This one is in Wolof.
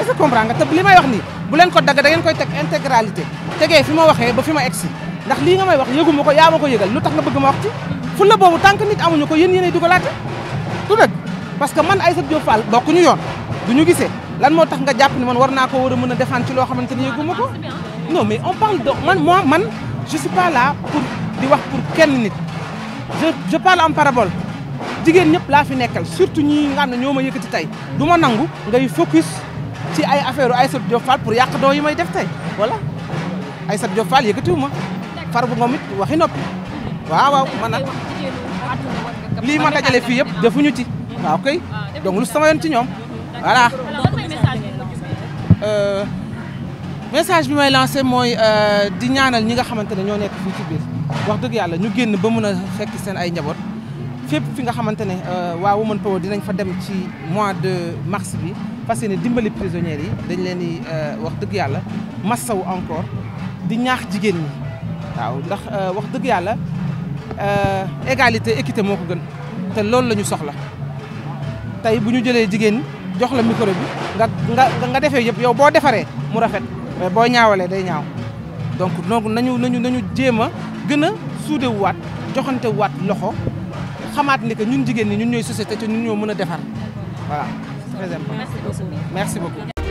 est-ce comprendre nga te li may wax ni bu len ko dag da ngeen koy tek intégralité tege fi ma waxee ba fi ma egsi ndax li nga may wax yëgu ma ko yaa lu tax nga bëgg ma wax ci fu la bobu tank nit amuñu ko yéen yene dugalaate tu dëgg parce que man Aïssatou Diop Fall ñu yoon duñu ñu lan mo tax nga japp ni man war naa ko war a défendre ci lo xamanteni ni non mais on parle de man moi man je suis pas là pour di wax pour kenn nit je je parle en parabole jigéen ñep la fi nekkal surtout ñi nga xam ñoma yëkëti tay duma nangu ngay focus ci ay affaire ay Diop Fall pour yàq doo yi may def tey voilà Aïssatou Diop Fall yëkkatiwuma far bu moom waxi noppi waaw waaw man nag lii ma dajale fii yëpp defuñu ci waaw kay donc lu sama ci ñoom voilà euh, message bi may lancé mooy euh, di ñaanal ñi nga xamante ne ñoo nekk fii ci biir wax dëgg yàlla ñu génn ba mun a fekk seen ay njaboot fépp fi nga xamante ne euh, waa Women Power dinañ fa dem ci mois de mars bi fas yéene dimbali prisonnières yi dañ leen di euh, wax dëgg yàlla massawu encore di ñaax jigéen ñi waaw ndax euh, wax dëgg yàlla égalité équité moo ko gën te loolu la ñu soxla tey bu ñu jëlee jigéen jox la micro bi nga nga nga defee yëpp yow boo defaree mu rafet mais boo ñaawalee day ñaaw donc donc nañu nañu nañu jéem a gën a suudewuwaat joxante waat loxo xamaat ni que ñun jigéen ñi ñun ñooy société te ñun ñoo mën a defar voilà. très important merci beaucoup.